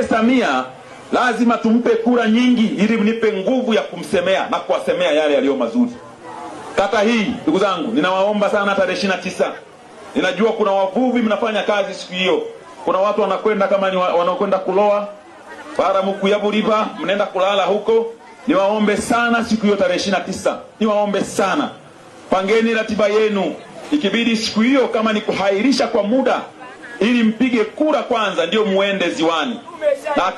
Mzee Samia lazima tumpe kura nyingi, ili mnipe nguvu ya kumsemea na kuwasemea yale yaliyo mazuri. Kata hii ndugu zangu, ninawaomba sana, tarehe ishirini na tisa ninajua kuna wavuvi mnafanya kazi siku hiyo, kuna watu wanakwenda kama ni wanaokwenda kuloa Baramukuyavu River, mnaenda kulala huko. Niwaombe sana siku hiyo tarehe ishirini na tisa, niwaombe sana, pangeni ratiba yenu, ikibidi siku hiyo kama ni kuhairisha kwa muda ili mpige kura kwanza, ndio muende ziwani,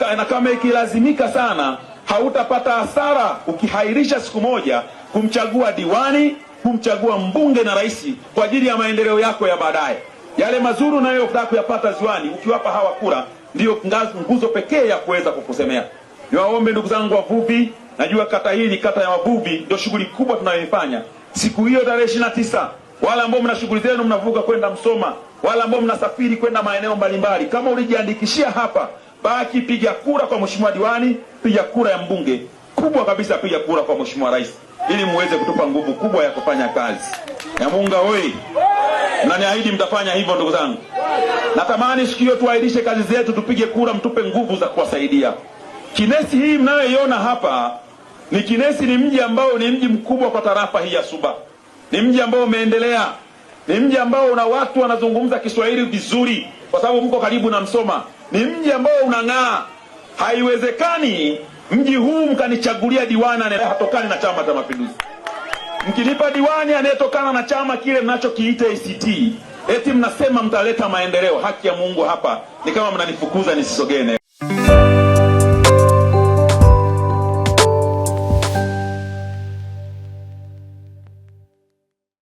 na, na kama ikilazimika sana hautapata hasara ukihairisha siku moja kumchagua diwani, kumchagua mbunge na rais kwa ajili ya maendeleo yako ya baadaye. Yale mazuri unayotaka kuyapata ziwani, ukiwapa hawa kura, ndiyo nguzo pekee ya kuweza kukusemea. Niwaombe ndugu zangu wavuvi, najua kata hii ni kata ya wavuvi, ndio shughuli kubwa tunayoifanya siku hiyo tarehe ishirini na tisa wala ambao mna shughuli zenu mnavuka kwenda Msoma, wala ambao mnasafiri kwenda maeneo mbalimbali, kama ulijiandikishia hapa, baki piga kura kwa mheshimiwa diwani, piga kura ya mbunge kubwa kabisa, piga kura kwa mheshimiwa rais, ili muweze kutupa nguvu kubwa ya kufanya kazi. Namunga hoi, mnaniahidi mtafanya hivyo? Ndugu zangu, natamani siku hiyo tuahirishe kazi zetu, tupige kura, mtupe nguvu za kuwasaidia. Kinesi hii mnayoiona hapa ni Kinesi, ni mji ambao ni mji mkubwa kwa tarafa hii ya Suba ni mji ambao umeendelea, ni mji ambao una watu wanazungumza Kiswahili vizuri, kwa sababu mko karibu na Msoma. Ni mji ambao unang'aa. Haiwezekani mji huu mkanichagulia diwani anayetokana na Chama cha Mapinduzi, mkinipa diwani anayetokana na chama kile mnachokiita ACT, eti mnasema mtaleta maendeleo. Haki ya Mungu, hapa ni kama mnanifukuza nisisogee.